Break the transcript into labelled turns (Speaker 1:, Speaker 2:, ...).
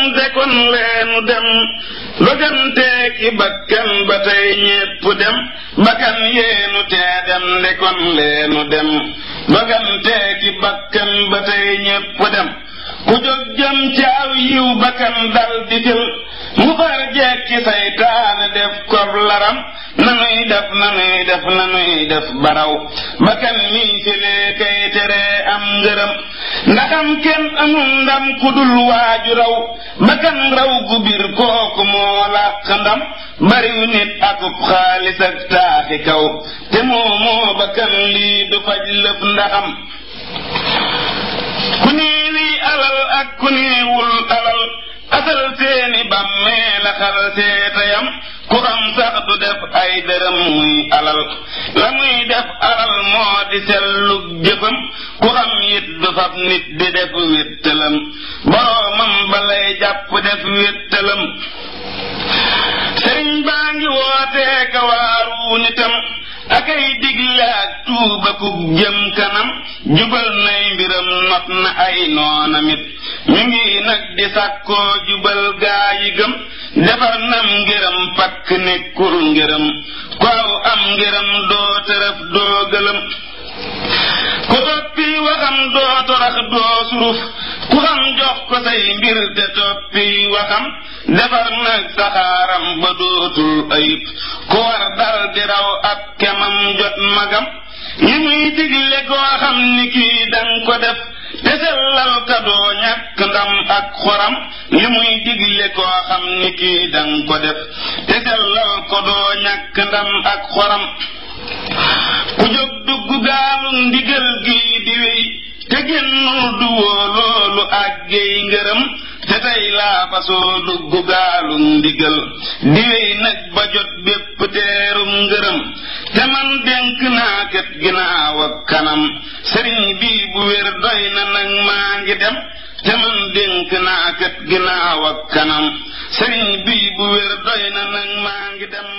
Speaker 1: bëggante kon leenu dem bëgganteeg i bakkan ba tey ñépp dem bakkan yeenu tee dem de kon leenu dem bëgganteeg i bakkan ba tey ñépp dem ku jóg jëm ci aw yiw bakkan dal di jël mu far jekki saytaane def kob laram nanuy def nanuy def nanuy def baraw bakkan mii ci lee am ngërëm ndagam kenn amul ndam ku dul waaju raw bakkan raw gu kooku moo làq ndam bariw nit akub xaalis ak taaxi kaw te moo moo bakkan lii du faj lëf ndaxam ku nii lii alal ak ku niiwul alal asal seeni nee la xal ku xam sax du def ay dërëm muy alal la muy def alal moo di sellu jëfam ku xam it du fab nit di def wéttalam boroomam balay jàpp def wéttalam sëriñ baa ngi wootee kawaaru nitam akay digle ak tuubaku jëm kanam jubal nay mbiram not na ay noonamit mi ngi di sàkkoo jubal gaa yi gëm defar nam ngërëm pakk nekkul ngërëm ku aw am ngërëm doo tërëf doo gëlëm ku toppi waxam doo torax doo suruf ku xam jox ko say mbir te toppi waxam defar nag saxaaram ba dootul ayib ku war dal raw ak kemam jot magam yi muy digle koo xam ni kii dang ko def te sellal ka doo ñàkk ndam ak xoram li muy digle koo xam ni kii danga ko def te sellal ko doo ñàkk ndam ak xoram ku jóg dugg gaalu ndigal gii di wéy te génnul duwoo loolu àggey ngërëm te tey laa fasoo dugg gaalu ndigal di nag ba jot bépp teerum ngërëm te man dénk naa kat ginnaaw ak kanam sëriñ bii bu wér doy na nag maa ngi dem te man dénk naa kat ginnaaw ak kanam sëriñ bii bu wér doy na nag maa ngi dem